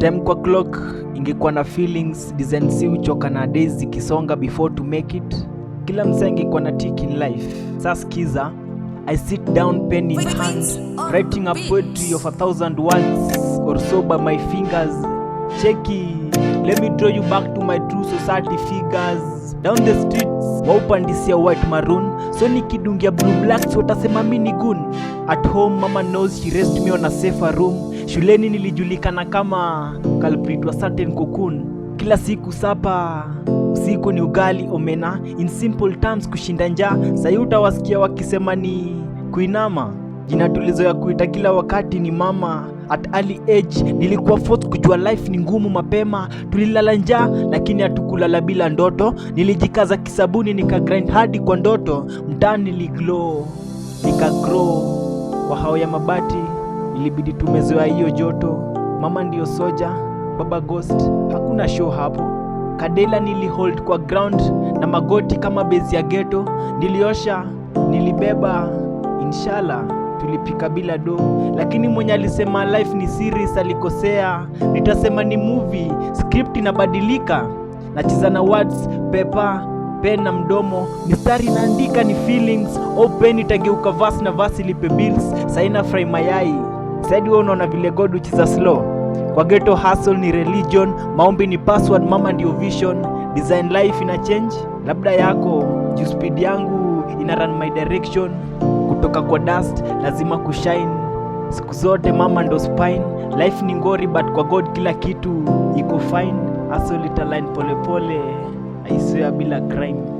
Time kwa clock ingekuwa na feelings design si uchoka na days zikisonga before to make it. Kila msa ingekuwa na tick in life. Sasa skiza, I sit down pen in hand writing a poetry of a thousand words or so by my fingers. Cheki, let me draw you back to my true society figures. Down the streets waupandisia white maroon so nikidungia blue black so utasema mini gun. At home mama knows she raised me on a safer room Shuleni nilijulikana kama culprit wa certain cocoon. Kila siku sapa usiku ni ugali omena, in simple terms kushinda njaa. sahi utawasikia wakisema ni kuinama. Jina tulizoya kuita kila wakati ni mama. At early age nilikuwa forced kujua life ni ngumu mapema. Tulilala njaa lakini hatukulala bila ndoto. Nilijikaza kisabuni nika grind hadi kwa ndoto. Mtaani niliglow nika grow kwa hao ya mabati ilibidi tumezoea hiyo joto. Mama ndiyo soja, baba ghost, hakuna show hapo. Kadela nilihold kwa ground na magoti kama bezi ya geto, niliosha nilibeba, inshallah tulipika bila do, lakini mwenye alisema life ni series alikosea. Nitasema ni movie, script inabadilika, nacheza na words, pepa pen na mdomo, mistari inaandika ni feelings, open itageuka verse na verse ilipe bills, saina fry mayai saidi wewe unaona vile God which is a slow. Kwa ghetto hustle ni religion, maombi ni password, mama ndio vision, design life ina change, labda yako juu speed yangu ina run my direction, kutoka kwa dust lazima kushine, siku zote mama ndo spine, life ni ngori but kwa God kila kitu iko fine, hustle italine polepole, I swear bila crime.